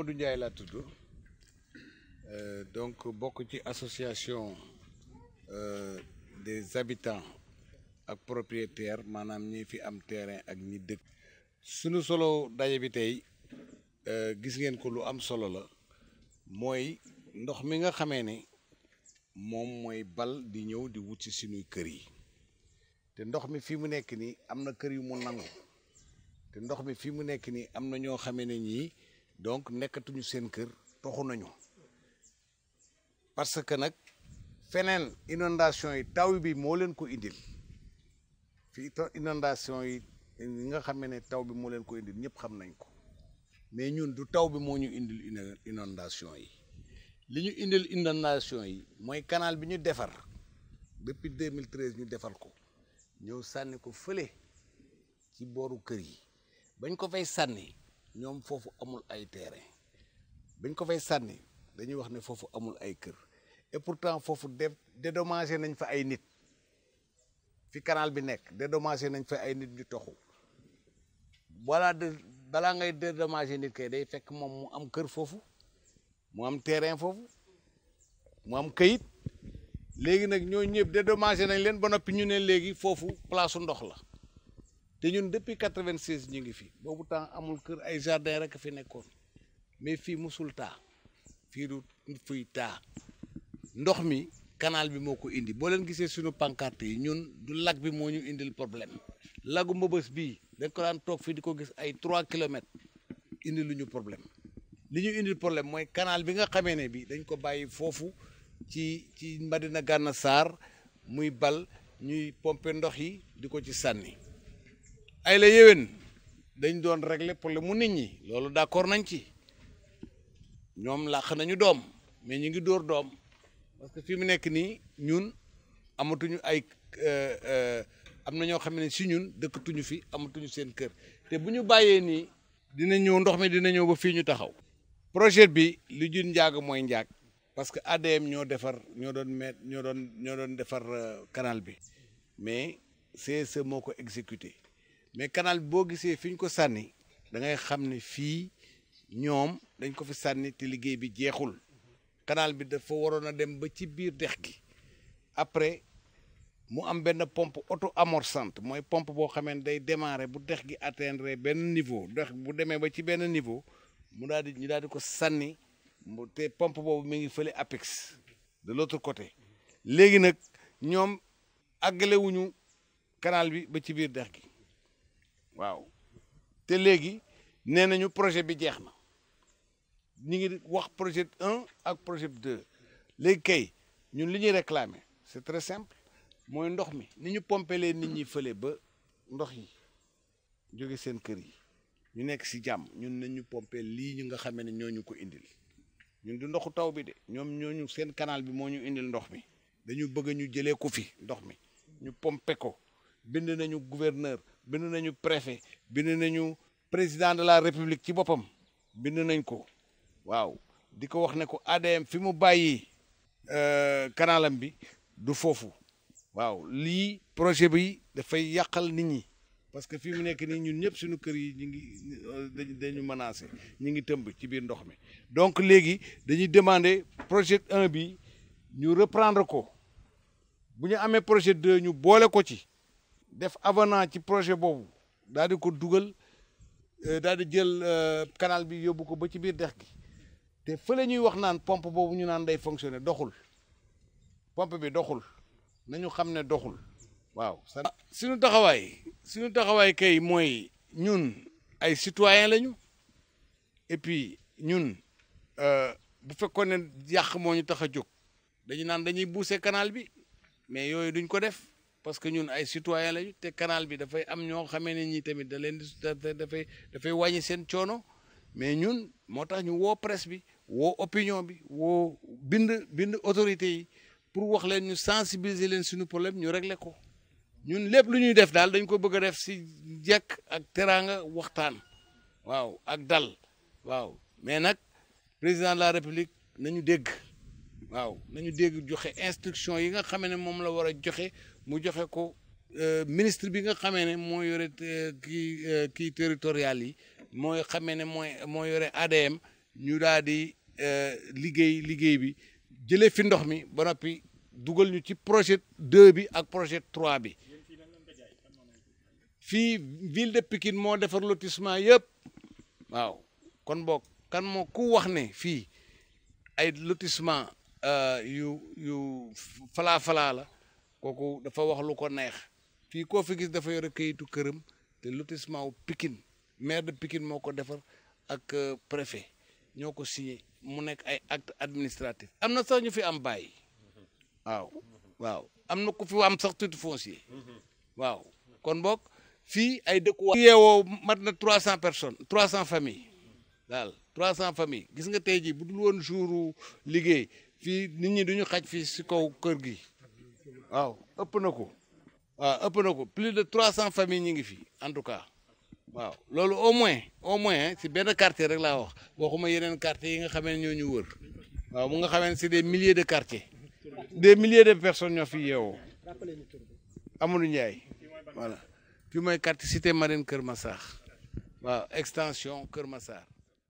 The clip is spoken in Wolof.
du Ndiaye laa tudd euh, donc bokk ci association euh, des habitants ak propriétaires maanaam ñi fi am terrain ak ñi dëkk. suñu solo daje bi tey euh, gis ngeen ko lu am solo la mooy ndox mi nga xamee ni moom mooy bal di ñëw di wut ci sunuy kër yi te ndox mi fi mu nekk nii am na kër yu mu nangu te ndox mi fi mu nekk nii am na ñoo xamee ne ñii. donc nekkatuñu seen kër toxu nañu parce que nag feneen inondation yi taw bi moo leen ko indil fii inondation yi ñi nga xam ne taw bi moo leen ko indil ñëpp xam nañ ko mais ñun du taw bi moo ñu indil inondation yi li ñu indil inondation yi mooy canal bi ñu defar depuis 2013 ñu defar ko ñëw sànni ko fële ci booru kër yi bañ ko fay sànni ñoom foofu amul ay terrain biñ ko fay sànni dañuy wax ne foofu amul ay kër et pourtant foofu dé dédommagé nañ fa ay nit fi canal bi nekk dédommagé nañ fa ay nit ñu toxu balaa de balaa ngay dédommagé nit kay day fekk moom mu am kër foofu mu am terrain foofu mu am këyit léegi nag ñoo ñëpp dédommagé nañ leen ba noppi ñu ne léegi foofu place ndox la te ñun depuis quatre-vingt-seize ñu ngi fi boobu temps amul kër ay jardin rek fi nekkoon mais fii musul taa fii du fuy taa ndox mi canal bi moo ko indi boo leen gisee suñu pancarte yi ñun du lag bi moo ñu indil problème lagu mbëbës bii dañ ko toog fii di ko gis ay trois kilomètres indi lu ñu problème li ñu indil problème mooy kanaal bi nga xamee ne bi dañ ko bàyyi foofu ci ci Madina Gànna Saar muy bal ñuy pomper ndox yi di ko ci sànni ay la yéwén dañ doon régler problème mu nit ñi loolu d'accord nañ ci ñoom làq nañu doom mais ñu ngi dóor doom parce que fi mu nekk nii ñun amatuñu ay euh, euh, am na ñoo xam ne si ñun dëkkatuñu fi amatuñu seen kër te bu ñu bàyyee nii dina ñëw ndox mi dina ñëw ba fii ñu taxaw projet bi li jun njaag mooy njaag parce que ADM ñoo defar ñoo doon met ñoo doon ñoo doon defar euh, canal bi mais CSE moo ko exécuté mais canal boo gisee fi ñu ko sànni da ngay xam ne fii ñoom dañ ko fi sànni te liggéey bi jeexul canal bi dafa waroon a dem ba ci biir dex gi après mu am benn pompe auto amorçante mooy pompe boo xamee ne day démarrer bu dex gi atteindre benn niveau bu demee ba ci benn niveau mu daal di ñu daal di ko sànni mu te pompe boobu mi ngi fële apex de l'autre côté léegi nag ñoom àggalewuñu canal bi ba ci biir dex gi waaw te léegi nee nañu projet bi jeex na ñu ngi wax projet un ak projet deux léegi kay ñun li ñuy réclamer c'est très simple mooy ndox mi ni ñu pompelee nit ñi fële ba ndox yi jóge seen kër yi ñu nekk si jàmm ñun nañ ñu pomper lii ñu nga xamee ne ñoo ñu ko indil ñun du ndoxu taw bi de ñoom ñooñu seen kanaal bi moo ñu indil ndox mi dañu bëgg ñu jëlee ko fi ndox mi ñu pompe ko bind nañu gouverneur bind nañu préfet bind nañu président de la république ci boppam bind nañ ko waaw di ko wax ne ko ADM fi mu bàyyi kanalam euh, bi du foofu waaw lii projet bi dafay yàqal nit ñi parce que fii mu nekk nii ñun ñëpp suñu kër yi ñu ngi dañu dañu menacé ñu ngi tëmb ci biir ndox mi donc léegi dañuy demander projet un bi ñu reprendre ko bu ñu amee projet deux ñu boole ko ci def avenant ci projet boobu daal di ko dugal euh, daal di jël euh, canal bi yóbbu ko ba ci biir dex gi te fële ñuy wax naan pompe boobu ñu naan day fonctionner doxul pompe bi doxul nañu xam ne doxul waaw. Ah, suñu taxawaay suñu taxawaay kay mooy ñun ay citoyen lañu et puis ñun euh, bu fekkoon ne yàq moo ñu tax a jóg dañu naan dañuy buuse canal bi mais yooyu duñ ko def. parce que ñun ay citoyen lañu te canal bi dafay am ñoo xamee ne ñi tamit da leen di dafay wàññi seen coono mais ñun moo tax ñu woo presse bi woo opinion bi woo bind bind autorité yi pour wax leen ñu sensibiliser leen suñu problème ñu regle ko ñun lépp lu ñuy def daal dañ ko bëgg a def si njekk ak teraanga waxtaan waaw ak dal waaw mais nag président de la république nañu dégg waaw nañu dégg joxe instruction yi nga xam ne moom la war a joxe mu joxe ko euh, ministre bi nga xamee ne moo yore euh, kii euh, kii territorial yi mooy xamee ne mooy moo yore ADM ñu daal di liggéey liggéey bi jëlee fi ndox mi ba noppi dugal ñu ci projet 2 bi ak projet 3 bi fii ville de Pikine moo defar lotissement yëpp waaw kon boog kan moo ku wax ne fii ay lotissement yu yu falaa falaa la kooku dafa wax lu ko neex fii koo fi gis dafa yore kayitu këram te lotissement wu maire de Pikine moo ko defar ak euh, préfet ñoo ko signé mu nekk ay acte administratif am na sax ñu fi am bàyyi waaw am na ku fi am sax titre foncier waaw kon boog fii ay dëkkuwaay yeewoo mat na trois cent personnes trois cent familles daal trois cent familles gis nga tey jii bu dul woon jouru liggéey fii nit ñi duñu xaj fii si kaw kër gi waaw ëpp na ko waaw ëpp na ko plus de trois cent familles ñu ngi fi en tout cas waaw loolu au moins au moins si benn quartier rek laa wax waxuma yeneen quartier yi nga xamee ñoo ñu wër waaw mu nga xamee si des milliers de quartiers des milliers de personnes ñoo fi yeewoo Amadou Ndiaye voilà fi mooy quartier cité marine Kër Massar waaw extension Kër Massar